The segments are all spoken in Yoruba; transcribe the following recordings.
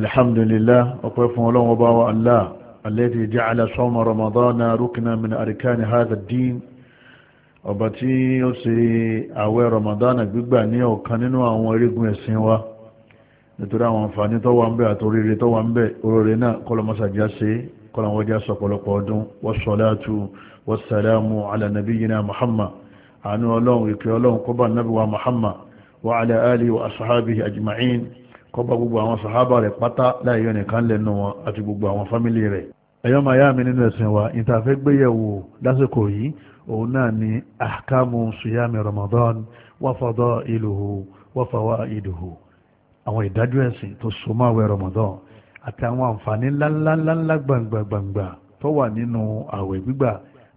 alhamdulillah ọpẹ́ fún ọlọ́wọ́ bá wa allah alladhi ja'ala sawma ramadana rukna min arkani hadha ad-din ọba tí ó ṣe àwẹ̀ ramadana gbígbà ní ọ̀kan nínú àwọn orígun ẹ̀sìn wa nítorí àwọn àǹfààní tó wà ń bẹ àti oríire tó wà ń bẹ oríire náà kọlọmọsàjá ṣe kọlọmọjá sọpọlọpọ ọdún wassalatu wassalamu ala nabiyyina muhammad àánú ọlọ́run ìkẹ́ ọlọ́run kó nabi wa muhammad wa ala alihi wa ashabihi ajma'in kọba gbogbo àwọn sàhábà rẹ̀ pátá láìyọ nìkan lẹ́nu wọn àti gbogbo àwọn fámílì rẹ̀ ẹ̀yọ́ máa yá mi nínú ẹ̀sìn wa ìtàfẹ́ gbéyẹ̀wò lásìkò yìí òun náà ni ahkamu suyami ramadan wa fadailuhu wa fawaiduhu àwọn ìdájọ́ ẹ̀sìn tó so mọ́ àwẹ̀ ramadan àti àwọn àǹfààní ńláńláńlá gbàǹgbàǹgbà tó wà nínú àwẹ̀ gbígbà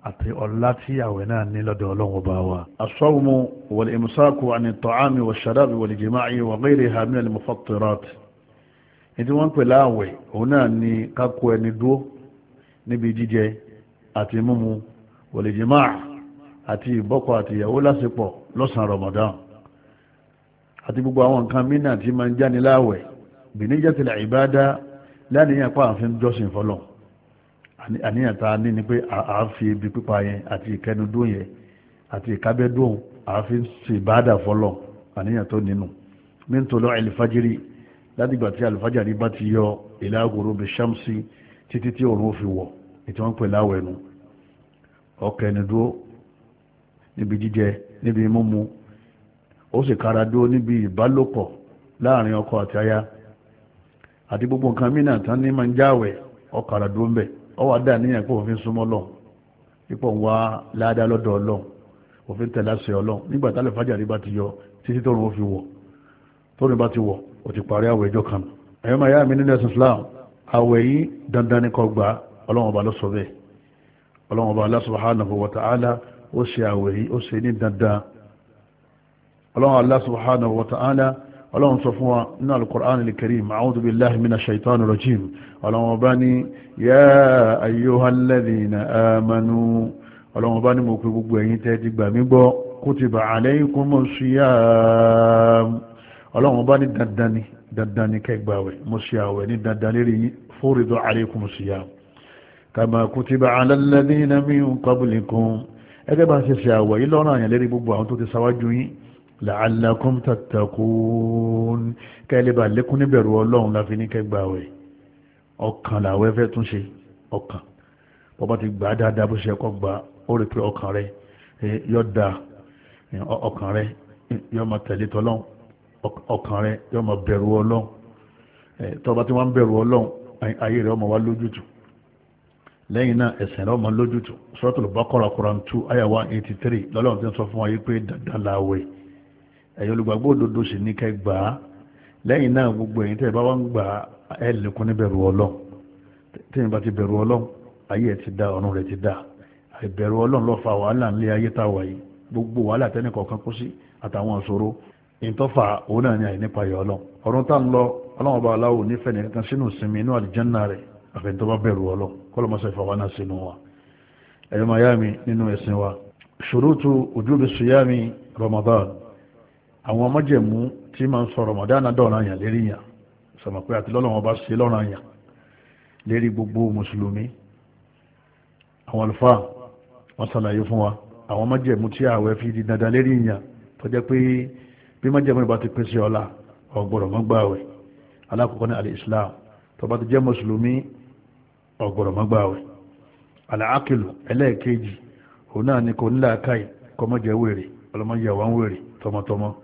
àti ọlá tí àwẹ̀ náà ní lọ́dọ̀ ọlọ́run ọba wa. asọ́wọ́mù wọ̀lẹ̀ ìmùsáàkù àni tọ́ámi wọ̀ ṣàdábì wọ̀lẹ̀ jìmáàyè wọ̀ gẹ́rẹ́ hamil ni mufattirat. ní tí wọ́n ń pè láàwẹ̀ òun náà ni kákó ẹni dúó níbi jíjẹ àti mímu wọ̀lẹ̀ jìmáà àti ìbọ́kọ àti ìyàwó lásìpọ̀ lọ́sàn-án Ramadan àti gbogbo àwọn nǹkan mínà tí máa ń jáni láàwẹ̀ bìnníjẹ́ tilẹ̀ ìbádá láníyàn pàáfin jọ́sìn fọlọ́n àníyàn tá a ní ni pé àá fi ibi pípa yẹn àti ìkẹnudó yẹn àti ìkábẹ́dó àá fi ṣèbáàdà fọlọ́ àníyàn tó nínú min tulu àlìfájírì látìgbà tí àlìfájírì bá ti yọ ìlà gurubi shamsi títí tí òun fi wọ̀ ètò wọn pè láwọ̀ ẹnu ọkẹnudó níbi jíjẹ níbi mímu ó sì kára dúró níbi ìbálòpọ̀ láàrin ọkọ àti aya àti gbogbo nǹkan mìíràn tán ní máa ń jáwẹ̀ ọkàrà dúró ń bẹ̀ ọwà dá níyàn pé òfin súnmọ́ lọ pípọ̀ ń wá láàdá lọ́dọ̀ ọlọ́ òfin tẹ̀lá sí ọlọ́ nígbà tálẹ̀ fájàrí bá ti yọ títí tó rùn ó fi wọ̀ tó rùn bá ti wọ̀ ó ti parí àwẹ̀ ẹjọ́ kan ẹ̀yọ́ máa yá mi nínú ẹ̀sìn Islam àwẹ̀ yìí dandan ní kọgbà ọlọ́wọ́n ọba lọ́sọ bẹ́ẹ̀ ọlọ́wọ́n ọba Allah subhanahu wa ọlọ́run sọ fún wa ní al-Qur'an al-Karim a'udhu billahi minash shaitanir rajim ọlọ́run ọba ní ya ayyuhal ladhina amanu ọlọ́run ọba ní mo pe gbogbo ẹ̀yin tẹ́ ti gbà mí gbọ́ kutiba alaykumus siyam ọlọ́run ọba ní dandan ni dandan ni kẹgbàwẹ̀ mo ṣe àwẹ̀ ní dandan la'allakum tattaqun kẹ́lẹ́bà lékún níbẹ̀rù ọlọ́run láfi ní kẹgbà wẹ̀ ọkàn làwẹ́ fẹ́ tún ṣe ọkàn bọ́bá ti gbà dáadáa bó ṣe kọ́ gbà ó rí pé ọkàn rẹ yọ da ọkàn rẹ yọ máa tẹ̀lé tọ́lọ́run ọkàn rẹ yọ máa bẹ̀rù ọlọ́run tọ́ba tí wọ́n ń bẹ̀rù ọlọ́run ayé rẹ ọmọ wa lójútù lẹ́yìn náà ẹ̀sìn rẹ ọmọ lójútù Suratul Baqara Quran two one eighty three lọ́lọ́run ti sọ fún wa yìí pé dandan làwẹ̀ ẹ̀yin olùgbàgbọ́ òdodo sì ní kẹ́ gbà á lẹ́yìn náà gbogbo ẹ̀yin tẹ́ ẹ bá wá ń gbà á ẹ lékún ní bẹ̀rù ọlọ́run tẹ́yìn bá ti bẹ̀rù ọlọ́run ayé ẹ̀ ti da ọ̀run rẹ̀ ti da àìbẹ̀rù ọlọ́run ló fa wàhálà ńlẹ̀ ayé tá a wà yìí gbogbo wàhálà tẹ́nì kọ̀ọ̀kan kó sí àtàwọn ìṣòro ìtọ́fà òun náà ni àìnípa ayọ̀ ọlọ́run ọ̀run tá ń lọ ọlọ́run ọba aláwo nífẹ̀ẹ́ nìkan sínú ìsinmi inú àlìjẹ́nà rẹ̀ àfẹ́ntọ́ bá bẹ̀rù tu ojúbi suyami Ramadan àwọn májẹ̀mú tí ma ń sọ Ramadan dọ̀rọ̀ àyàn lérí yàn sọmọ pé àti lọ́lọ́wọ́n bá ṣe lọ́rọ̀ àyàn lérí gbogbo mùsùlùmí àwọn àlùfáà wọ́n ṣàlàyé fún wa àwọn májẹ̀mú tí ààwẹ̀ fi di dandan lérí yàn pé bí ìbá ti pèsè ọ̀la ọ̀gbọ̀rọ̀ mọ́gbàwẹ̀ alákọ̀ọ́kọ́ ní alìsílám tó bá ti jẹ́ mùsùlùmí ọ̀gbọ̀rọ̀ mọ́gbàwẹ̀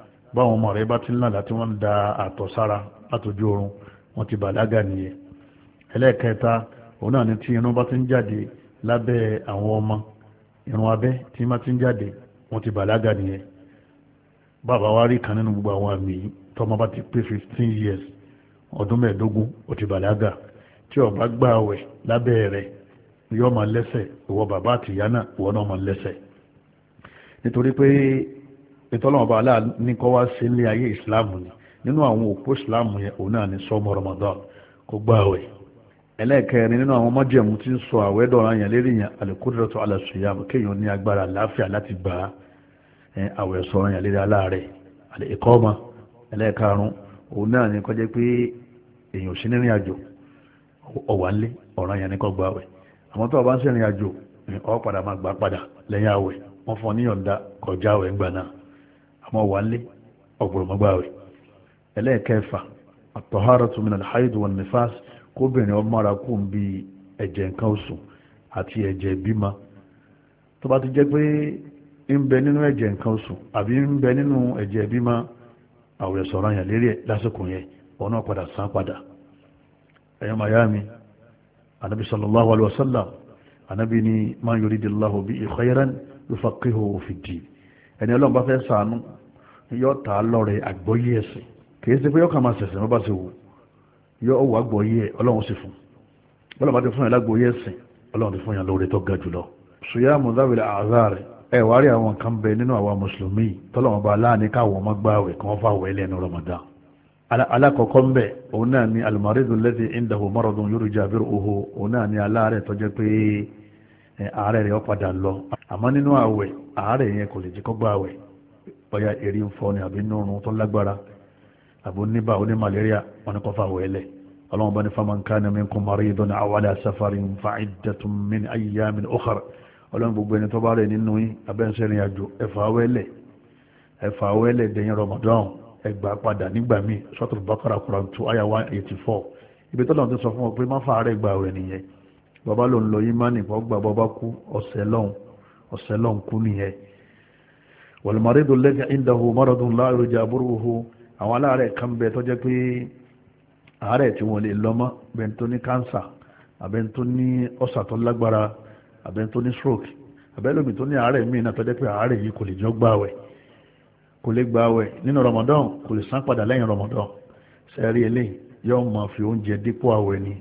báwọn ọmọ rẹ bá ti ń lànà tí wọ́n ń da àtọ̀ sára látọjú oorun wọ́n ti bàlágà nìyẹn ẹlẹ́ẹ̀kẹta òun náà ni tí irun bá ti ń jáde lábẹ́ àwọn ọmọ irun abẹ́ tí má ti ń jáde wọ́n ti bàlágà nìyẹn bàbá wa rí kan nínú gbogbo àwọn àmì tọmọ bá ti pé fifteen years ọdún mẹ́ẹ̀ẹ́dógún ó ti bàlágà tí ó bá gbà àwẹ̀ lábẹ́ rẹ̀ yóò máa lẹ́sẹ̀ ìwọ bàbá àtìyá náà ìwọ náà máa lẹ́sẹ̀ nítorí pé ìtọ́lọ́wọ́n bá aláà ní kọ́ wá sí ilé ayé ìsìláàmù ni nínú àwọn òpó ìsìláàmù yẹn òun náà ní sọ́mọ Ramadan kó gbá àwẹ̀ ẹlẹ́ẹ̀kẹrin nínú àwọn májẹ̀mú tí ń sọ àwẹ̀ dọ̀ra yẹn lérí yẹn alqudratu ala siyam kéèyàn ní agbára àláfíà láti gba àwẹ̀ sọ̀rọ̀ yẹn lérí aláàrẹ̀ al-iqama ẹlẹ́ẹ̀karùn òun náà ní kọjá pé èèyàn ò sí nírìn àjò ọ̀wà ńlẹ̀ ọ̀ràn yẹn ní kó gba àwẹ̀ àmọ́ tó bá ń sẹ́rìn àjò ọ̀ padà máa gbà padà lẹ́yìn àwẹ̀ wọ́n fún níyọ̀ǹda kọjá àwẹ̀ ńgbà náà mọ́ wà lé ọ̀gbọ̀rọ̀ mọ́gbàwẹ̀ ẹlẹ́ẹ̀kẹfà àtọ̀hárọ̀tù min al-hayd wan nifas kóbìnrin ọmọ ara kù ń bi ẹ̀jẹ̀ nǹkan oṣù àti ẹ̀jẹ̀ bímọ tó bá ti jẹ́ pé ń bẹ nínú ẹ̀jẹ̀ nǹkan oṣù àbí ń bẹ nínú ẹ̀jẹ̀ bímọ àwòrán sọ̀rọ̀ yẹn lérí ẹ̀ lásìkò yẹn ọ̀nà padà san padà ẹ̀yọ́ mayami anabi sallallahu alaihi wasallam anabi ni man yuridillahu bihi khayran yufaqihuhu fid-din ẹni ọlọ́run bá fẹ́ ṣàánú yóò ta lọ́rẹ̀ àgbọ́yé ẹ̀sìn kìí ṣe pé yóò kàn máa ṣẹ̀ṣẹ̀ bá ṣe wù yóò wà àgbọ́yé ẹ̀ ọlọ́run sì fún bọ́lá bá ti fún yàn lágbọ́yé ẹ̀sìn ọlọ́run ti fún yàn lóore tó ga jùlọ. ṣùyà mùsàbílẹ̀ azar ẹ wá rí àwọn kan bẹ nínú àwa mùsùlùmí tọ́lọ́wọ́n bá láàánú káwọn ọmọ gbáwẹ̀ kí wọ́n fà wẹ̀ lẹ́nu Ramadan alákọ̀ọ́kọ́ ń bẹ̀ òun náà ni almaridu lẹ́sẹ̀ ìdáhù mọ́rọ̀dún yóò jà bí òun náà ni aláàrẹ̀ tó pé ààrẹ rẹ̀ ó lọ àmọ́ nínú àwẹ̀ ààrẹ yẹn kò lè jẹ́ kó gbààwẹ̀ bóyá eré ń fọ́ ni àbí nírun tó lágbára àbò níbà oní malaria wọn ni kò fà wẹ́lẹ̀ ọlọ́run bá ní faman kana minkum maridan aw ala safarin fa'iddatun min ayyamin ukhar ọlọ́run gbogbo ẹni tó bá rẹ̀ nínú yín abẹ́nsẹ́ rìn àjò ẹ̀fà wẹ́lẹ̀ ẹ̀fà wẹ́lẹ̀ dẹ̀yìn Ramadan ẹgbà padà nígbà míì suratul Baqara Quran two aya one eighty four ibi tọ́lọ́run ti sọ fún ọ pé má fà rẹ̀ gbà wẹ̀ nìyẹn bàbá ló lọ yín má nìkan gbà bọ́ kú ọ̀sẹ̀ lọ́hùn ọ̀sẹ̀ lọ́hùn kú nìyẹn wàlùmọ́rẹ́dù lẹ́gà ìdáhù mọ́rọ̀dún láàrù jàbúrúhù àwọn aláàrẹ̀ kan bẹ tó jẹ́ pé ààrẹ tí wọ́n lè lọ́mọ́ bẹ́ẹ̀ tó ní kánsà àbẹ́ tó ní ọ̀sà tó lágbára àbẹ́ tó ní stroke àbẹ́ lómi tó ní ààrẹ míì náà tó jẹ́ pé ààrẹ yìí kò lè jọ gbààwẹ̀ kò lè gbààwẹ̀ nínú Ramadan kò lè san padà lẹ́yìn Ramadan sẹ́ẹ̀rí eléyìí yóò máa fi oúnjẹ dípò àwẹ̀ ni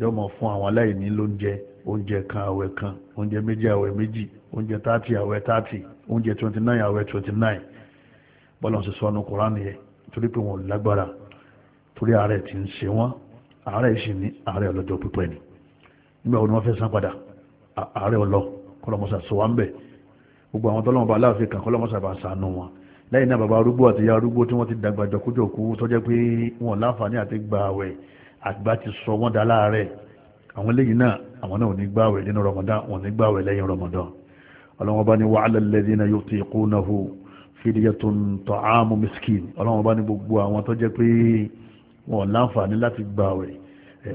yóò máa fún àwọn aláìní lóúnjẹ oúnjẹ kan àwẹ̀ kan oúnjẹ méjì àwẹ̀ méjì oúnjẹ tààtì àwẹ̀ tààtì oúnjẹ twenty nine àwẹ̀ twenty nine bọ́lá ń sọ ọ́nù koran yẹ torí pé wọn ò lágbára torí ààrẹ ti ń ṣe wọn ààrẹ sì ní ààrẹ ọlọ́jọ́ pípẹ́ ni nígbà wo ni wọ́n fẹ́ san padà ààrẹ ọlọ́ kọ́lọ́mọsà sọ wá ń bẹ̀ gbogbo àwọn tọ́lọ́mọ bá aláàfin kan kọ́lọ́mọsà bá ṣàánú wọn lẹ́yìn náà bàbá arúgbó àti ìyá arúgbó tí wọ́n ti dàgbà jọkújọkú tọ́jẹ́ pé wọn láǹfààní àti gbà àwẹ̀ àgbà ti sọ wọ́n dá láàárẹ̀ àwọn lẹ́yìn náà àwọn náà ò ní gbáwẹ̀ nínú Ramadan wọn ní gbáwẹ̀ lẹ́yìn Ramadan ọlọ́wọ́n bá ní wa ala alladhina yutiqunahu fidyatun ta'amu miskin ọlọ́wọ́n bá ní gbogbo àwọn tó jẹ́ pé wọn láǹfààní láti gbáwẹ̀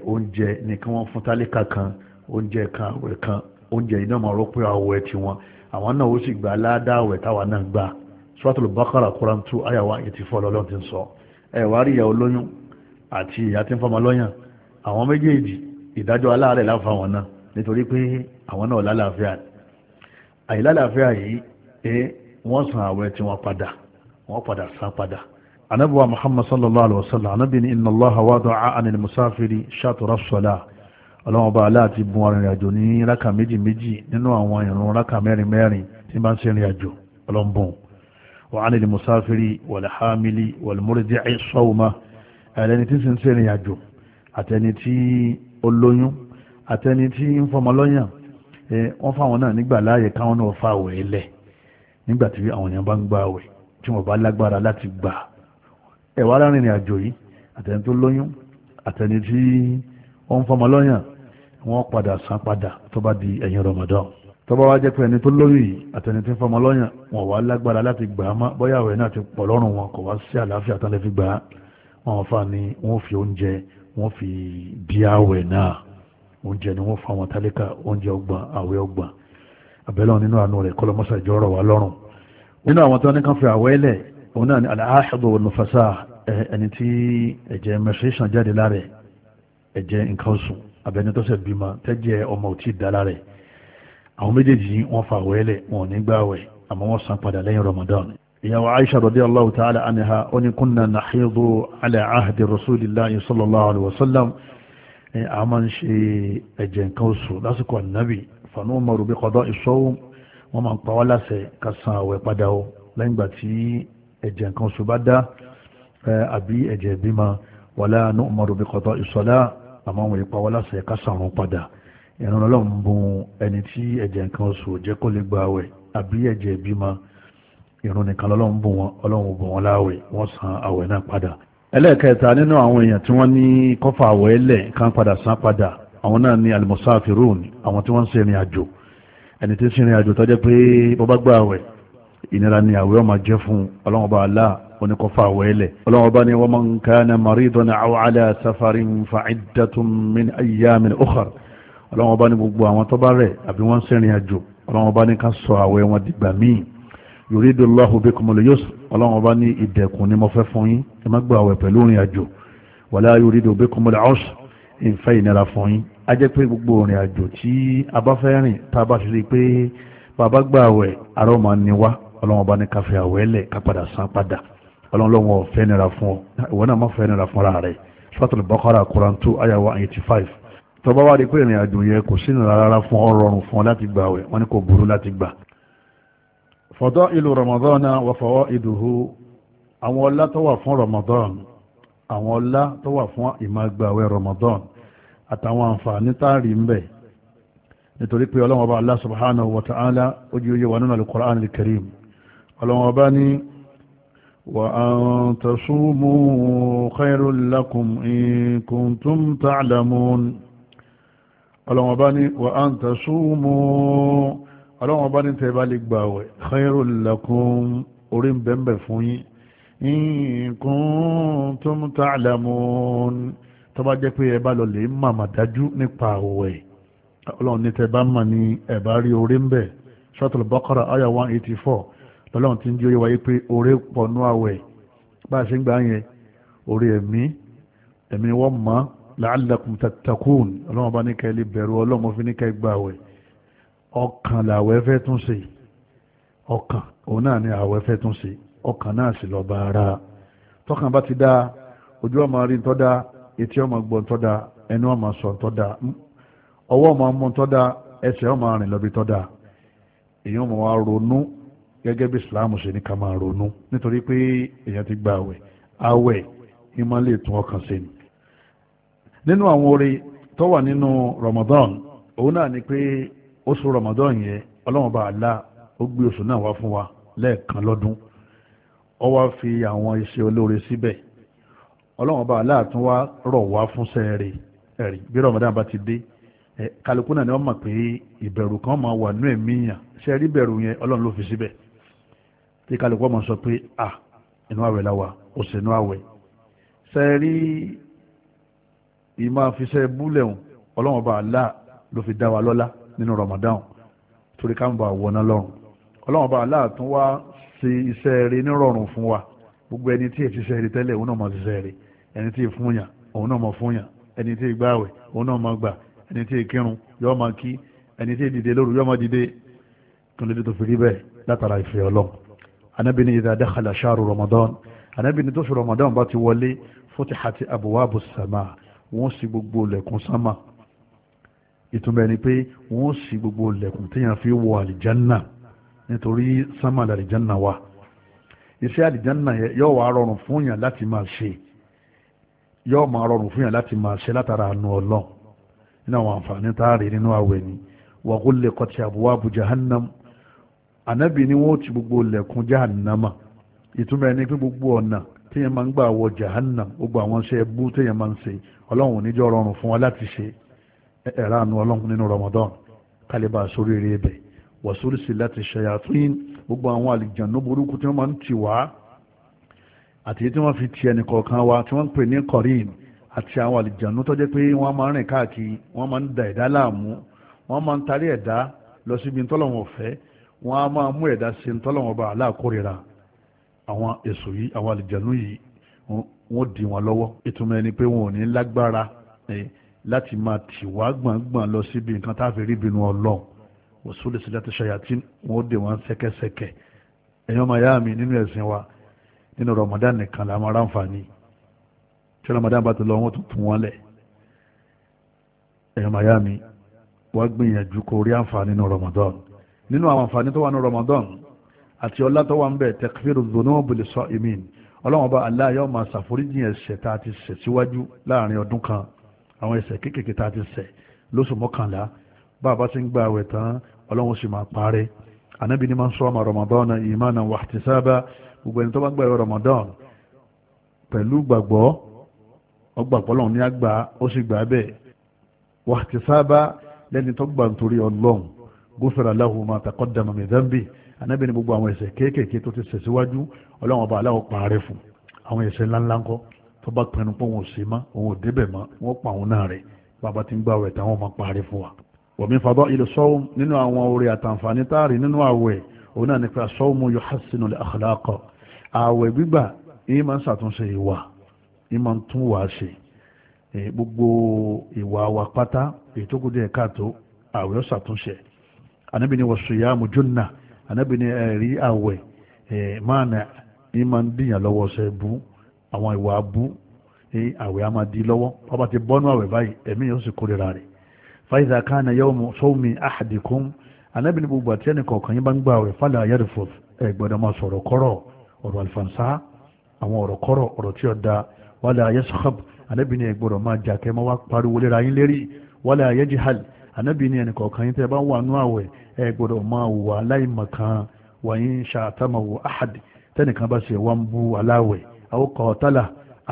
oúnjẹ nìkan wọn fún tálíkà kan oúnjẹ kan àwẹ̀ kan oúnjẹ iná máa rọ́pẹ́ àwẹ̀ tiwọn àwọn náà ó sì gbà ládàáwẹ̀ táwa náà gbà àwọn méjèèjì ìdájọ́ aláàrẹ̀ láfa wọn náà nítorí pé àwọn náà lálàáfíà àìlálàáfíà yìí pé wọ́n san àwẹ̀ tí wọ́n padà wọ́n padà san padà anabuwa muhammad sallallahu alaihi wasallam anabi ni inna allaha wada'a anil musafiri shatura sola ọlọ́wọ́n bá aláàtí bun arìnrìn àjò ní rákà méjì méjì nínú àwọn ìrún rákà mẹ́rin mẹ́rin tí bá ń ṣe ìrìn àjò ọlọ́mbọ̀n wa anil musafiri walhamili walmurdi'i sawma ẹ̀lẹ́ni tí sì ń ṣe ìrìn àjò àtẹni tí olóyún àtẹni tí ń fọmọ lọ́yàn wọ́n fáwọn náà nígbà láàyè káwọn náà fa àwẹ̀ ẹlẹ̀ nígbà tí àwọn èèyàn bá ń gba àwẹ̀ tí wọ́n bá lágbára láti gbà ẹ̀wà arìnrìn àjò yìí àtẹni tó lóyún àtẹni tí wọ́n ń fọmọ lọ́yàn wọ́n padà san padà tó bá di ẹ̀yìn Ramadan tó bá wá jẹ́ pé ẹni tó lóyún yìí àtẹni tí ń fọmọ lọ́yàn wọ́n wá lágbára láti gbà á mọ́ bóyá àwẹ̀ náà ti pọ̀ lọ́rùn wọn kò wá sí àlàáfíà tán lè fi gbà á wọn fa ni wọn fi oúnjẹ wọ́n fi bí àwẹ̀ náà oúnjẹ ni wọ́n fáwọn tálíkà oúnjẹ ọgbọ̀n àwẹ̀ ọgbọ̀n abẹ́lẹ́ wọn nínú àánú rẹ̀ kọ́lọ́ mọ́sá ìjọ rọ̀ wá lọ́rùn nínú àwọn tí wọ́n ní kan fi àwẹ̀ lẹ̀ òun náà ni aláhàbò nufasa ẹni tí ẹ̀jẹ̀ menstruation jáde lára ẹ̀jẹ̀ nǹkan oṣù abẹ́ni tó ṣẹ̀ bímọ tẹ́jẹ̀ ọmọ ò tí ì dá lára àwọn méjèèjì wọ́n fa àwẹ̀ lẹ̀ wọn ò ní gbààwẹ̀ àmọ́ wọ́n san padà lẹ́yìn Ramadan ìyàwó aisha radiyallahu ta'ala anha ó ní kunna nahidu ala ahdi rasulillahi sallallahu alaihi wasallam a máa ń ṣe ẹ̀jẹ̀ nǹkan oṣù lásìkò ànábì fanu umaru bi qada'i sawm wọ́n máa ń pa wá láṣẹ ká san àwẹ̀ padà o lẹ́yìn ìgbà tí ẹ̀jẹ̀ nǹkan oṣù bá dá àbí ẹ̀jẹ̀ ìbímọ wala nu'maru bi qada'i salat àmọ́ wọ́n yìí pa láṣẹ ká san àrùn padà ìrànlọ́lọ́ ń bun ẹni tí ẹ̀jẹ̀ nǹkan oṣù jẹ́ lè gba àwẹ̀ àbí ẹ̀jẹ̀ ìbímọ ìrun nìkan lọ́lọ́run bò wọn ọlọ́run bò wọn láwẹ̀ wọ́n san àwẹ̀ náà padà ẹlẹ́ẹ̀kẹta nínú àwọn èèyàn tí wọ́n ní kọ́fà àwẹ̀ ẹlẹ̀ kan padà san padà àwọn náà ní alimusafirun àwọn tí wọ́n ń ṣe àjò ẹni tí ń ṣe àjò tó pé bó bá gbà àwẹ̀ ìnira ni àwẹ̀ ọmọ jẹ́ fún ọlọ́run bá aláà oníkọ́fà ní wa man kana ọlọ́run bá ní wọ́n ń ṣe ìrìn yuridullahu bikumul yusr ọlọ́run ọba ní ìdẹ̀kùn ni mo fẹ́ fún yín ẹ má gbà wẹ̀ pẹ̀lú orin àjò wala yuridu bikumul usr ìfẹ́ ìnira fún yín a jẹ́ pé gbogbo orin àjò tí a bá fẹ́ rìn tá a bá ti rí i pé bàbá gbà wẹ̀ arọ́ máa ní wá ọlọ́run ọba ní káfíà wẹ́lẹ̀ ká padà san padà ọlọ́run ọ̀fẹ́ nira fún ọ ìwọ náà má fẹ́ nira fún ọ rọrùn fadailu ramadana wa fawaiduhu àwọn ọlá tó wà fún ramadan àwọn ọlá tó wà fún ìmàgbàwẹ̀ ramadan àtàwọn àǹfààní táàrí ń bẹ nítorí pé ọlọ́wọ́ bá Allah subhanahu wa ta'ala ó jí oyé wà nínú al-Qur'an al ọlọ́wọ́ bá ní wa an tasumu khairul lakum in kuntum ta'lamun ọlọ́wọ́ bá ní wa an tasumu ọlọ́wọ́n bá ní tẹ́ bá lè gbà wẹ̀ khairul lakum orí ń bẹ̀m̀bẹ̀ fún yín in kuntum ta'lamun tó bá jẹ́ pé ẹ bá lọ lè màmà dájú nípa àwẹ̀ ọlọ́wọ́n ní tẹ́ bá mà ní ẹ bá rí orí ń bẹ̀ Suratul Baqara àyà 184 lọ́lọ́wọ́n ti ń jí oyè wáyé pé orí pọ̀ nú àwẹ̀ bá a ṣe ń gbà yẹn orí ẹ̀mí ẹ̀mí wọ́n mọ́ la'allakum tattaqun ọlọ́wọ́n bá ní kẹ́ lè bẹ̀rù ọlọ́wọ́n fi ní kẹ́ gbà wẹ̀ ọkàn làwẹ̀ tún ṣe ọkàn òun náà ni àwẹ̀ tún ṣe ọkàn náà sì lọ bá ara tọkàn bá ti dá ojú ọmọ rí tọ́da etí ọmọ gbọ́ tọ́da ẹnu ọmọ sọ tọ́da ọwọ́ ọmọ mú ọmọ rìn lọ́bi tọ́da èyí ọmọ wa ronú gẹ́gẹ́ bí ṣe ká máa ronú nítorí pé ti gba àwẹ̀ àwẹ̀ lè tún ọkàn ṣe ni nínú àwọn tó wà nínú Ramadan òun ni oṣù Ramadan yẹn ọlọ́run bá Allah ó gbé oṣù náà wá fún wa lẹ́ẹ̀kan lọ́dún ó wá fi àwọn iṣẹ́ olóore síbẹ̀ ọlọ́run bá Allah tún wá rọ̀ wá fún sẹ́ẹ̀rì ẹ̀rì bí Ramadan bá ti dé kálukú náà ni wọ́n mọ̀ pé ìbẹ̀rù kan máa wà nú ẹ̀mí yàn sẹ́ẹ̀rì bẹ̀rù yẹn ọlọ́run ló fi síbẹ̀ tí kálukú máa sọ pé à inú àwẹ̀ la wà ó sì inú àwẹ̀ sẹ́ẹ̀rì ìmáa fi búlẹ̀ hùn ọlọ́run ló fi dá wa lọ́lá nínú Ramadan torí ká ń bá wọná lọ́rùn ọlọ́run bá aláàtún wá ṣe iṣẹ́ rẹ̀ nírọ̀rùn fún wa gbogbo ẹni tí èsì iṣẹ́ rẹ̀ tẹ́lẹ̀ òun náà mọ̀ ṣiṣẹ́ rẹ̀ ẹni tí fúnyàn òun náà mọ̀ fúnyàn ẹni tí gbààwẹ̀ òun náà mọ̀ gbà ẹni tí kírun yóò máa kí ẹni tí dìde lóru yóò máa dìde tó lóde tó fi rí bẹ́ẹ̀ látara ìfẹ́ ọlọ́run anábì ní idha dakhala shahru Ramadan anábì ní tóṣù Ramadan bá ti wọlé futihati abwabu sama wọ́n sì gbogbo lẹ̀kùn sámà ìtumọ̀ ẹni pé wọ́n sì gbogbo lẹ̀kùn téèyàn fi wọ àlìjánà nítorí sánmà àlìjánà wa iṣẹ́ àlìjánà yóò wá rọrùn fún yàn láti máa ṣe yóò máa rọrùn fún yàn láti máa ṣe látara àánú ọlọ́n nínú àwọn àǹfààní tá a rí nínú àwẹ̀ ni wa ghulliqati abwabu jahannam ànábì ni wọ́n ti gbogbo lẹ̀kùn jahannama ìtumọ̀ ẹni pé gbogbo ọ̀nà téèyàn máa ń gbà wọ jahannam gbogbo àwọn iṣẹ́ ẹbú téèyàn máa ń ṣe ọlọ́run ò ní jọ́ rọrùn fún wa láti ṣe ẹ̀rá àánú ọlọ́run nínú Ramadan kálíbà sórí eré ibẹ̀ wàsórí láti ṣayatin gbogbo àwọn àlìjànú burúkú tí wọ́n máa ń tì wá àti tí wọ́n fi ti ẹnì kọ̀ọ̀kan wa tí wọ́n ń pè ní kọ̀rin àti àwọn àlìjànú tó jẹ́ pé wọ́n máa ń rìn káàkiri wọ́n máa ń da ẹ̀dá láàmú wọ́n máa ń tarí ẹ̀dá lọ síbi ntọ́lọ́wọ̀n ọ̀fẹ́ wọ́n á máa mú ẹ̀dá sí ntọ́lọ́wọ̀n bá aláàkórira àwọn èso yìí àwọn àlìjànú yìí wọ́n dì wọ́n lọ́wọ́ ìtumọ̀ ẹni pé wọn ò ní lágbára láti máa tìwá gbọ̀ngbọ̀n lọ síbi nǹkan tá a fi rí ìbínú ọlọ́run òṣùlẹ̀ sílẹ̀ tó ṣayàtì wọn ó dè wọn ṣẹ́kẹ́ṣẹkẹ̀ ẹ̀yàn máa yá mi nínú ẹ̀sìn wa nínú Ramadan nìkan la máa ráǹfààní tí Ramadan bá ti lọ wọn tún tún wọn lẹ̀ ẹ̀yàn máa yá mi wá gbìyànjú kó rí àǹfààní nínú Ramadan nínú àwọn àǹfààní tó wà nínú Ramadan àti ọlá tó wà ń bẹ̀ tẹkfíru dhunub lis-sa'imin ọlọ́wọ́n bá Allah yóò máa ṣàforíjì ẹ̀ṣẹ̀ tá a ti ṣẹ̀ síwájú láàrin ọdún kan àwọn ẹ̀ṣẹ̀ kéékèèké tá a ti ṣẹ̀ lóṣù mọ́kànlá bá a bá ti ń gba àwẹ̀ tán ọlọ́run sì máa parẹ́ ànábì ni máa ń sọ ọmọ ramadan ìmánà wàhtísábà gbogbo ẹni tó bá gbààwẹ̀ ramadan pẹ̀lú gbàgbọ́ ọgbàgbọ́ lọ́run ní àgbà ó sì gbà bẹ́ẹ̀ wàhtísábà lẹ́ni tó gbà nítorí ọlọ́run gufira lahu ma taqaddama min dhanbi ànábì ni gbogbo àwọn ẹ̀ṣẹ̀ kéékèèké tó ti ṣẹ̀ síwájú ọlọ́run ọba aláwọ̀ pààrẹ fún àwọn ẹ̀ṣẹ̀ ńláńlá ńkọ́ tó bá pinnu pé òun ò sí mọ́ òun ò débẹ̀ mọ́ wọ́n pa òun náà rẹ̀ bàbá ti ń gbà wẹ̀ táwọn máa parí fún wa. wọ̀mí fàbọ̀ ilé sọ́wọ́m nínú àwọn oore àtàǹfààní táàrí nínú àwẹ̀ òun náà ní pé asọ́wọ́m yuhassinu al-akhlaq àwẹ̀ gbígbà yìí máa ń ṣàtúnṣe ìwà yìí máa ń tún wà á ṣe gbogbo ìwà wa pátá èyí tó kù díẹ̀ káàtó àwẹ̀ ó ṣàtúnṣe anábìíní wa siyamu junna anábìíní ẹ̀rí àwẹ̀ máa ń dìyàn lọ́wọ́ àwọn ìwà abú àwẹ̀ a máa di lọ́wọ́ ọba ti bọ́nú àwẹ̀ báyìí ẹ̀mí yóò sì kórira rẹ̀ fàyíṣà káàna yawmu sawmi ahadikum anábì ní gbogbo àti ẹnì kọ̀ọ̀kan yín bá ń gba àwẹ̀ fàlà yarfud ẹ̀ máa sọ̀rọ̀ kọ́rọ̀ ọ̀rọ̀ àlùfànṣá àwọn ọ̀rọ̀ kọ́rọ̀ ọ̀rọ̀ tí ó da wàlà yaskhab anábì ní ẹ máa jà kẹ́ àwọn kọ̀ọ̀tàlà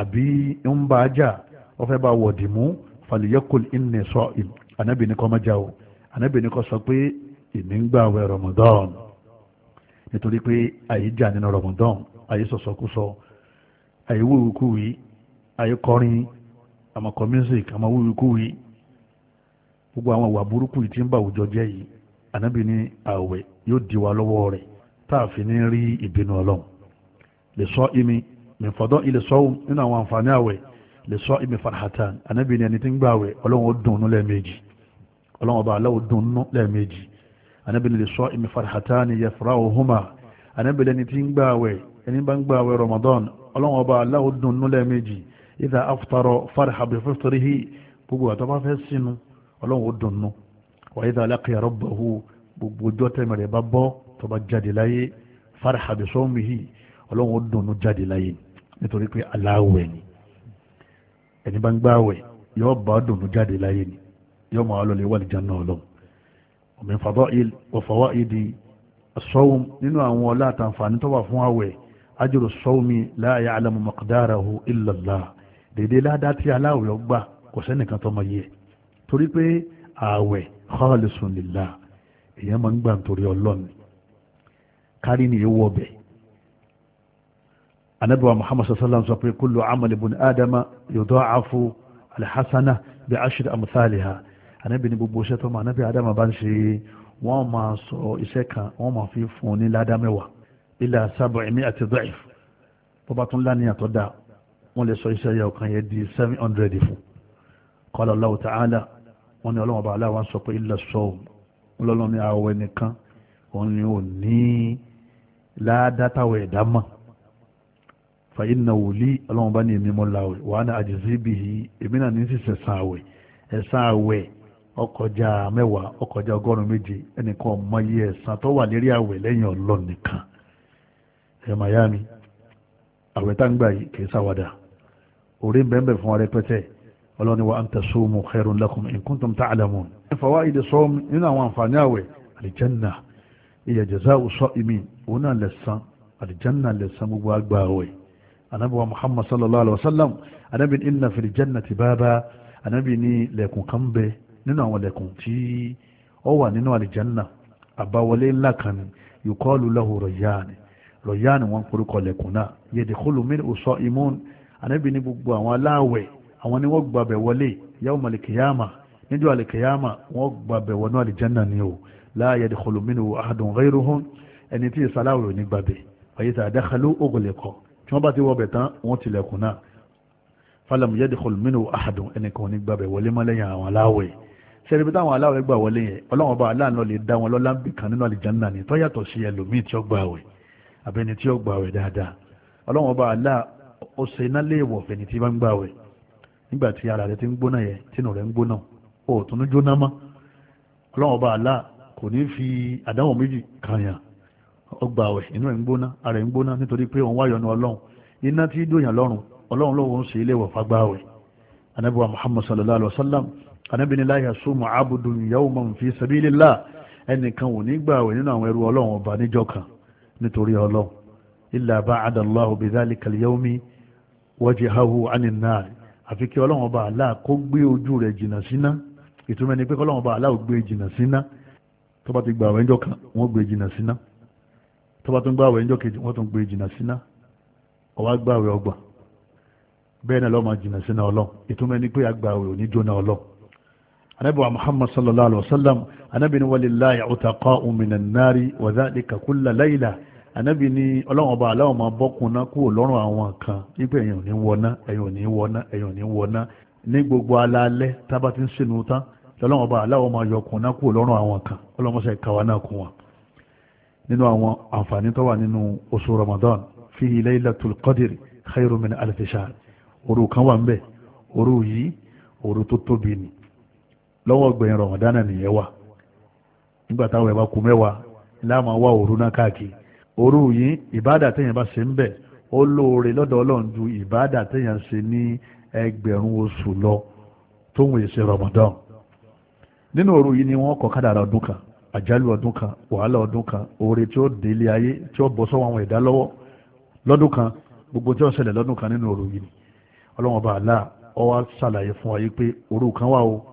àbí ń bá a jà wọ́n fẹ́ bá a wọ̀dì mú fàlìyẹ́kùl ìní sọ ìm ànábì kọ́ má jà o ànábì kọ́ sọ pé ìní ń gbààwẹ̀ Ramadan nítorí pé àyè jà nínú Ramadan àyè sọ̀sọ̀kúsọ àyè àyè kọrin àmọ̀kọ music àmọ̀ wúwìkúwì gbogbo àwọn ìwà burúkú yìí ti ń bá àwùjọ jẹ́ yìí àwẹ̀ yóò di wa lọ́wọ́ rẹ̀ tá a fi ní rí ìbínú ọlọ́run lè sọ mẹ̀fọ́dọ́ ilẹ̀ sọ́wọ́ nínú àwọn àǹfààní àwẹ̀ lè sọ ìmì farahatan anábì ní ẹni tí ń gbà àwẹ̀ ọlọ́run ó dùn nú lẹ́ẹ̀mejì ọlọ́run ọba aláwọ̀ dùn nú lẹ́ẹ̀mejì anábì ní lè sọ ìmì farahatan yẹfura ohuma anábì lẹni tí ń gbà àwẹ̀ ẹni bá ń gbà àwẹ̀ Ramadan ọlọ́run ọba aláwọ̀ dùn nú lẹ́ẹ̀mejì ìdá aftarọ faraha bi fitrihi gbogbo àtọ́ bá fẹ́ sínú ọlọ́run ó dùn nú wà ìdá laqiya gbogbo ọjọ́ tẹ̀mẹ̀rẹ̀ bá bọ́ tó jáde láyé faraha bi sawmihi ọlọ́run jáde láyé nítorí pé aláwẹ̀ ni ẹni bá ń gbààwẹ̀ yóò bá dùnú jáde láyé ni yóò máa lọ lè wà lìjà náà lọ min fadail wa fawaidi as-sawm nínú àwọn ọlá àtàǹfààní tó wà fún àwẹ̀ ajru as-sawmi la ya'lamu maqdarahu illa Allah dèdè ládàá tí aláwẹ̀ ọgbà kò sẹ́nìkan tó máa yẹ torí pé àwẹ̀ khalisun lillah èèyàn máa ń gbà nítorí Ọlọ́run kárí ni èèwọ̀ bẹ́ẹ̀ anábíwá muhammad sallam sọ pé kullu amali bun adama yudha'afu alhassana bi ashri amthaliha anábí ní gbogbo iṣẹ́ tó máa anábí adama bá ń ṣe wọ́n máa sọ iṣẹ́ kan wọ́n máa fi fún un ní ládá mẹ́wàá ila sab'imi àti da'if bó bá tún láníyàn tó dáa wọ́n lè sọ iṣẹ́ yẹ ọ̀kan yẹn di seven hundred fún qala Allahu ta'ala wọ́n ní ọlọ́wọ́n bá aláwa sọ pé illa sawm ọlọ́run ní àwọ̀ ẹnìkan òun ni ò ní ládá táwọn ẹ̀dá mọ̀ fàyín na wòlí ọlọ́run bá ní èmi mọ́ láwẹ̀ wàá na àjèjì bì í èmi náà ní sísẹ̀ san àwẹ̀ ẹ̀san àwẹ̀ ọkọjá mẹ́wàá ọkọjá ọgọ́rùn-ún méje ẹnìkan ọmọ yìí ẹ̀san tó wà lérí àwẹ̀ lẹ́yìn ọlọ́run nìkan ẹ̀ mayami àwẹ̀ tá ń gbà yìí kìí sáwádà orí ń bẹ́ẹ̀ fún wa rẹpẹtẹ ọlọ́run ni wa an tasumu khairun lakum in kuntum ta'lamun anabi wa muhammad sallallahu alaihi wa sallam anabi inna fil jannati baba anabi ni lẹ́kùn kan bẹ nínú àwọn lẹ́kùn tí ó wà nínú àlìjánná àbáwọlé ńlá kan ni yukọ́lù lahu rọ̀yáàni rọ̀yáàni wọn porúkọ lẹ́kùn náà yadkhulu minhu sa'imun anabi ni gbogbo àwọn aláwẹ̀ àwọn ni wọ́n gbàbẹ̀ wọlé yawm al-qiyamah níjọ́ al-qiyamah wọ́n gbàbẹ̀ wọnú àlìjánná ni o la yadkhulu minhu ahadun ghayruhum ẹni tí ìsàláwẹ̀ ò ní gbàbẹ̀ fa idha dakhalu tí wọ́n bá ti wọ́bẹ̀ tán wọ́n tilẹ̀kùn náà falamu yadkhul minhu ahadun ẹnìkan ní gbàbẹ̀ wọlé mọ́lẹ́yìn àwọn aláwẹ̀ sẹ́ni bíi táwọn aláwẹ̀ gbà wọlé yẹn ọlọ́wọ́n bá aláàánú lè dá wọn lọ́lá bì kan nínú àlìjánná ni tó yàtọ̀ sí ẹlòmíì tí ó gbà wẹ̀ abẹni tí ó gbà wẹ̀ dáadáa ọlọ́wọ́n bá aláà ó ṣe iná léèwọ̀ ọgbà àwẹ̀ inú ẹ̀ ń gbóná ara ẹ̀ ń gbóná nítorí pé òun wáyọ̀ ní ọlọ́run iná tí dòyàn lọ́rùn ọlọ́run lọ́wọ́ ń ṣe ilé wọ̀ fagbá àwẹ̀ anabi wa muhammad sallallahu alaihi wa sallam anabi ni la yasumu abudun yawman fi sabilillah ẹnìkan ò ní gbà àwẹ̀ nínú àwọn ẹrú ọlọ́run ọba níjọ́ kan nítorí ọlọ́run illa ba'ada allahu bidhalika al-yawmi wajhahu 'anil nar àfi kí ọlọ́run ọba tó bá tún gbàwẹ̀ ẹjọ́ kejì wọ́n tún gbé jìnà síná ọwá gbàwẹ̀ ọgbà bẹ́ẹ̀ náà lọ́ọ́ máa jìnà síná ọlọ́ ìtumọ̀ ẹni pé àgbàwẹ̀ ò ní jóná ọlọ́ anabi wa muhammad sallallahu alaihi wa sallam anabi ni walillahi utaqa'u minan nari wa dhalika kulla layla anabi ni ọlọ́wọ́n ọba aláwọ̀ máa bọ́kùnná kúrò lọ́rùn àwọn kan wípé ẹ̀yin ò ní wọná ẹ̀yin ò ní wọná ẹ̀yin ò ní wọná ní gbogbo alaalẹ́ tábà ti ń sinú tán lọ́lọ́wọ́n ọba aláwọ̀ máa yọkùnná kúrò lọ́rùn àwọn kan ọlọ́mọṣẹ́ ìkàwá náà kún wọn nínú àwọn àǹfààní tó wà nínú oṣù Ramadan fi Laylatul Qadr khairu min alfi shahr òru kan wà ń bẹ òru yìí òru tó tóbi ni lọ́wọ́ gbẹ̀yìn Ramadan nìyẹn wà nígbà táwọn ẹ̀ bá kú mẹ́wàá láàmú wá òru náà káàkiri òru yìí ìbáàdà téèyàn bá ṣe ń bẹ ó lóore lọ́dọ̀ Ọlọ́run ju ìbáàdà téèyàn ṣe ní ẹgbẹ̀rún oṣù lọ tóun èsè Ramadan nínú òru yìí ni wọ́n kọ kádàrà ọdún kan àjálù ọdún kan wàhálà ọdún kan oore tí ó délé ayé tí ó bọ́ sọ́wọ́ àwọn ẹ̀dá lọ́wọ́ lọ́dún kan gbogbo tí ó ṣẹlẹ̀ lọ́dún kan nínú òru yìí ọlọ́run ọba àlá ó wá ṣàlàyé fún wa yìí pé òru kan wà o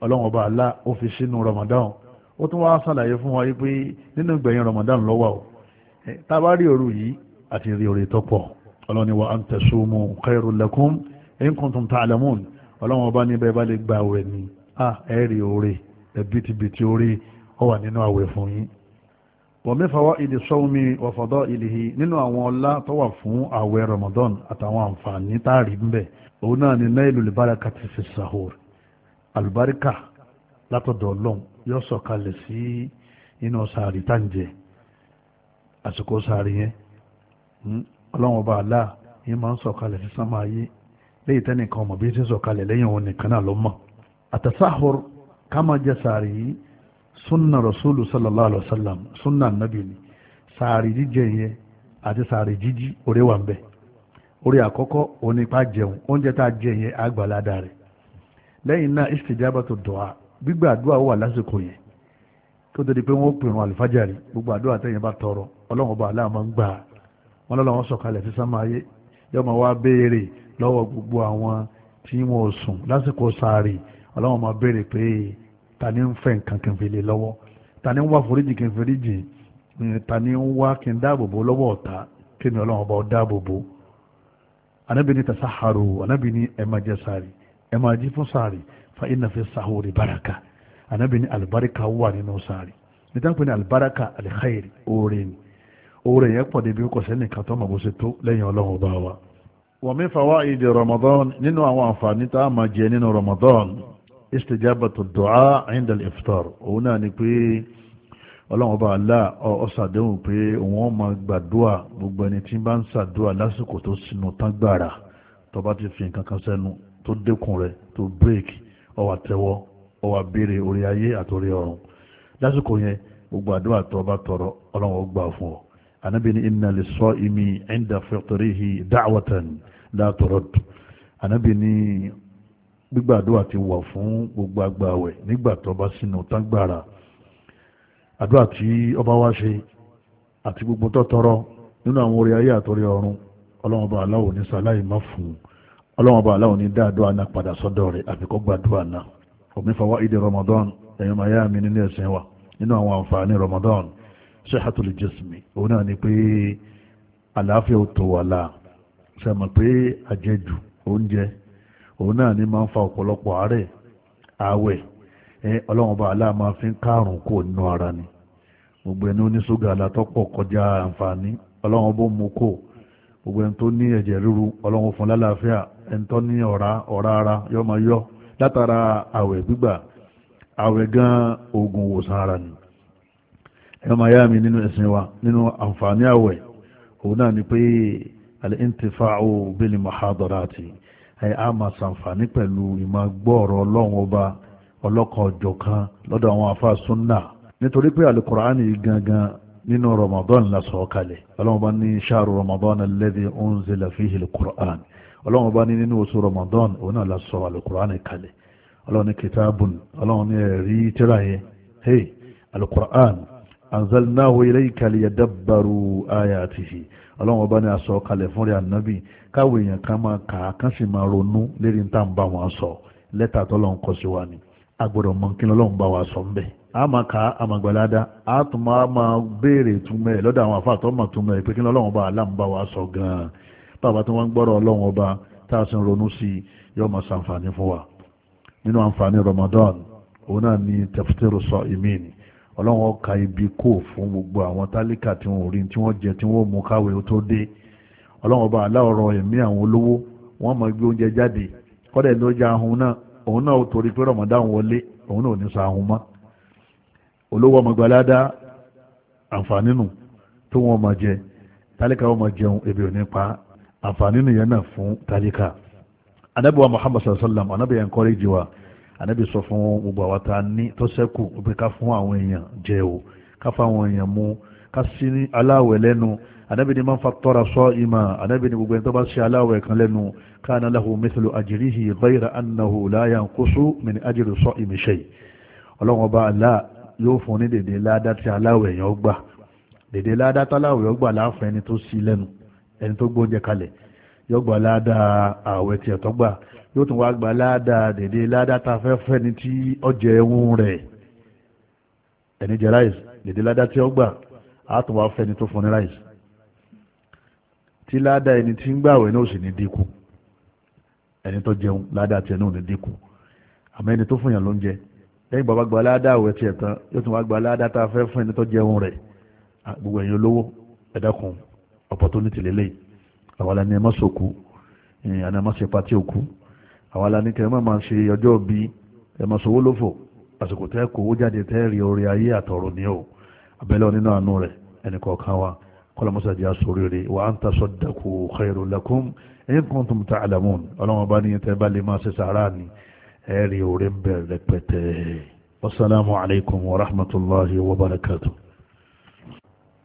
ọlọ́run ọba àlá ó fi sínú Ramadan ó tún wá ṣàlàyé fún wa yìí pé nínú ìgbẹ̀yìn Ramadan ló wà o tá a bá rí òru yìí àti rí oore tó pọ̀ ọlọ́run ni wa an tasumu khairul lakum in kuntum ta'lamun ọlọ́run ọba ní bẹ́ẹ̀ bá lè gba àwẹ̀ ni ah, ó wà nínú àwẹ̀ fún yín wa min fawaidi sawmi wa fadailihi nínú àwọn ọlá tó wà fún àwẹ̀ Ramadan àtàwọn àǹfààní táàrí ń bẹ̀ òun náà ni nailul barakati fi sahur alùbáríkà látọ̀dọ̀ ọlọ́run yóò sọ̀kalẹ̀ sí inú sàárì táǹjẹ̀ àsìkò sàárì yẹn hmm, ọlọ́run ọba àlá yìí máa ń sọ̀kalẹ̀ sí sánmà ayé léyìí tẹ́nìkan ọmọ bí ti sọ̀kalẹ̀ lẹ́yìn òun nìkan náà ló mọ̀ ká máa jẹ sàárì yìí sunna rasulu sallallahu alaihi wasallam sunna nabi ni sàárì jíjẹ yẹn àti sàárì jíjí orí wà ń bẹ orí àkọ́kọ́ onípa jẹun oúnjẹ tá a jẹ yẹn àgbàládà rẹ̀ lẹ́yìn náà istijabatu du'a gbígbà àdúrà wà lásìkò yẹn tó tó pé wọ́n pèrún àlùfájàrí gbogbo àdúrà tẹ́yìn bá tọrọ ọlọ́run ọba aláàmọ́ ń gbà wọn sọ̀kalẹ̀ sí sámà ayé yóò máa wá béèrè lọ́wọ́ gbogbo àwọn tí wọ́n sùn lásìkò sàárì ọlọ́run máa béèrè pé Tani ni ń fẹ́ nǹkan kan fi lè lọ́wọ́ ta ni ń wá foríjì kan foríjì ta ni ń wá kí n dáàbò bò lọ́wọ́ ọ̀tá kí ni ọlọ́run ọba dáàbò bò anábì ní tasaharu anábì ní ẹ máa jẹ sààrì ẹ máa jí fún sààrì fa inna fi sahuri baraka anábì ní alibarika wà nínú sààrì nítorí pé ní alibarika alikhairi oore ni oore yẹn pọ̀ débi kò sẹ́ni kan tó mọ̀ bó ṣe tó lẹ́yìn ọlọ́run ọba wa. wa min fawaidi Ramadan nínú àwọn àǹfààní tá a máa jẹ nínú Ramadan istijabatu الدعاء عند الإفطار. هنا òun náà ni pé ọlọ́run ọba Allah ó ṣàdéhùn pé òun máa gbàdúà gbogbo ẹni tí bá ń ṣàdúà lásìkò tó sinú tán gbàrà tó bá ti fi nǹkan kan sẹ́nu tó dẹ́kun rẹ̀ tó bírèkì ó wá tẹ́wọ́ ó wá béèrè orí ayé àtòrí ọ̀run lásìkò yẹn gbogbo àdúrà tó bá tọrọ ọlọ́run ó fún ọ anabi ni inna li sa'imi 'inda fitrihi da'watan la turad anabi ni gbígbàdúrà ti wà fún gbogbo agbàwẹ̀ nígbà tó bá sínú tágbàrà àdúrà tí ọba wá ṣe àti gbogbo tó tọrọ nínú àwọn orí ayé àtọrí ọ̀run ọlọ́run ọba aláwọ̀ ní sàláì má fún ọlọ́run ọba aláwọ̀ ní dáadọ́ àná padà sọ́dọ̀ rẹ̀ àbíkọ́ gbàdúrà náà òmí ìdè Ramadan ẹ̀yọ́ máa yá mi nínú ẹ̀sìn wa nínú àwọn àǹfààní Ramadan sihatul jismi òun náà ni pé àlàáfíà ò tó wà láà sẹ́mọ̀ pé àjẹjù oúnjẹ òun náà ni máa ń fa ọ̀pọ̀lọpọ̀ àárẹ̀ àwẹ̀ ọlọ́run bá aláà máa fi ń kárùn kò nínú ara ni gbogbo ẹni ó ní ṣúgà látọ́pọ̀ kọjá àǹfààní ọlọ́run bó mú kò gbogbo ẹni tó ní ẹ̀jẹ̀ ríru ọlọ́run fún lálàáfíà ẹni tó ní ọ̀rá ọ̀rá ara yọ́ máa yọ látara àwẹ̀ gbígbà àwẹ̀ gan oògùn òwòsàn ara ni ẹ máa yá mi nínú ẹ̀sìn wa nínú àǹfààní àwẹ̀ òun náà ni pé al-intifa'u bil muhadarati a máa ṣàǹfààní pẹ̀lú ìmọ̀ gbọ́ọ̀rọ̀ ọlọ́run ọba ọlọ́kan ọ̀jọ̀kan lọ́dọ̀ àwọn àfáà súnà nítorí pé alukur'ani gangan nínú ramadan la sọ̀ kalẹ̀ ọlọ́run ọba ní ṣáàrù ramadan alladhi unzila fihi alukur'an ọlọ́run ọba ní nínú oṣù ramadan òun náà la sọ alukur'ani kalẹ̀ ọlọ́run ní kìtàbùn ọlọ́run ní ẹ̀rí tíra yẹn hey alukur'an anzalnahu ilayka liyadabbaru ayatihi ọlọ́run ọba ní aṣọ kalẹ̀ fún rẹ̀ ànábì káwé èèyàn kan máa kà á kán sì máa ronú lérí ní ń bá wọn sọ lẹ́tà tọ́lọ́run kọ sí wa ni a gbọ́dọ̀ mọ kí lọ́lọ́run bá wa sọ ń bẹ̀. a máa kà á a máa gbàládá a tún máa béèrè túmọ̀ lọ́dọ̀ àwọn àfa àtọ́ máa túmọ̀ pé kí lọ́lọ́run bá aláǹ bá wa sọ gan-an bàbá tí wọ́n ń gbọ́dọ̀ ọlọ́run ọba tá a sì ń ronú sí yóò máa ṣàǹfààní fún wa nínú àǹfààní Ramadan òun náà ní tafsiru ni ọlọ́run ó ka ibi kò fún gbogbo àwọn tálíkà tí wọ́n rí tí wọ́n jẹ tí wọ́n mú káwé tó dé ọlọ́run ọba aláwọ̀rọ̀ ẹ̀mí àwọn olówó wọ́n máa gbé oúnjẹ jáde kọ́dẹ̀ ló já ahun náà òun náà torí pé ramadan wọlé òun náà ò ní sa ahun mọ́ olówó ọmọ gbalada àǹfààní nù tó wọn máa jẹ tálíkà wọn máa jẹun ebi ò pa àǹfààní nìyẹn náà fún tálíkà anábìwá muhammad sallallahu alayhi wa sallam anábìyẹn kọ́rí jìwà ànábì sọ fún gbogbo àwa tá a ní tó ṣẹ́kù pé ká fún àwọn èèyàn jẹ o ká fún àwọn èèyàn mu ká sí aláwẹ̀ lẹ́nu ànábì ni máa ń fa tọ́ra sọ ìmọ̀ ànábì ni gbogbo ẹni tó bá ṣe aláwẹ̀ kan lẹ́nu káàná lahu mithlu ajrihi ghayra annahu la yanqusu min ajri sa'imi shay ọlọ́run ọba àlá yóò fún ní dèdè ládá tí aláwẹ̀ yẹn gbà dèdè ládá táláwẹ̀ yẹn gbà láàfin ẹni tó sí lẹ́nu ẹni tó gbóúnjẹ kalẹ̀ yọgbà ládá ààwẹ̀ tiẹ̀ tó gbà yóò tún wá gba ládàá dèdè ládàá tá a fẹ́ fẹ́ni tí ọjọ́ ẹ̀hún rẹ̀ ẹni jẹ ráìsì dèdè ládàá tí ó gbà á tún wá fẹ́ni tó fún ní ráìsì tí ládàá ẹni tí ń gbàwẹ̀ náà sì ní dínkù ẹni tó jẹun ládàá tiẹ̀ náà ní dínkù àmọ́ ẹni tó fún yàn ló ń jẹ lẹ́yìn bàbá gba ládàá àwẹ̀ tiẹ̀ tán yóò tún wá gba ládàá tá a fẹ́ fún ẹni tó jẹun rẹ̀ gbogbo ẹ̀yin olówó ẹ àwọn aláníkẹ́ máa máa ṣe ọjọ́ bí ẹ máa sọwọ́ lófò àsìkò tẹ́ kò ó jáde tẹ́ rí orí ayé àtọ̀rọ̀ ní o abẹ́lẹ́ nínú àánú rẹ̀ ẹnì kọ̀ọ̀kan wa kọ́lọ́mọ́sá jẹ́ àsórí rẹ̀ wa an tasaddaqu khairul lakum in kuntum ta'lamun ọlọ́wọ́n bá níyẹn tẹ́ bá lè máa ṣe sàárà ni ẹ rí orí ń bẹ̀rẹ̀ rẹpẹtẹ. wasalaamu alaykum wa rahmatulahi wa barakatu.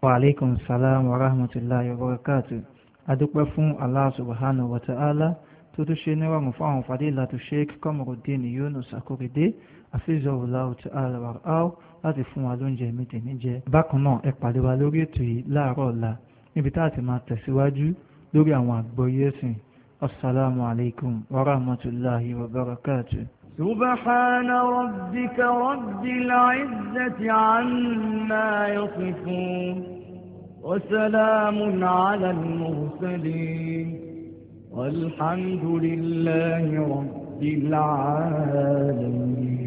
wa aleykum salaam wa rahmatulahi wa barakatu. adúpẹ́ fún Allah subhanahu wa ta'ala tó tún ṣe nírọ̀rùn fún àwọn fadilatu sheikh Kamaruddin Yunus Akorede afizahullahu ta'ala wara'ahu láti fún wa lóúnjẹ mi tèmi bákan náà ẹ pàdé wa lórí ètò yìí láàárọ̀ ọ̀la níbi tá a ti máa tẹ̀síwájú lórí àwọn àgbọ́yé ẹ̀sìn assalamu alaikum wa rahmatullahi wa barakatuh. سبحان ربك رب العزة عما يصفون وسلام على المرسلين والحمد لله رب العالمين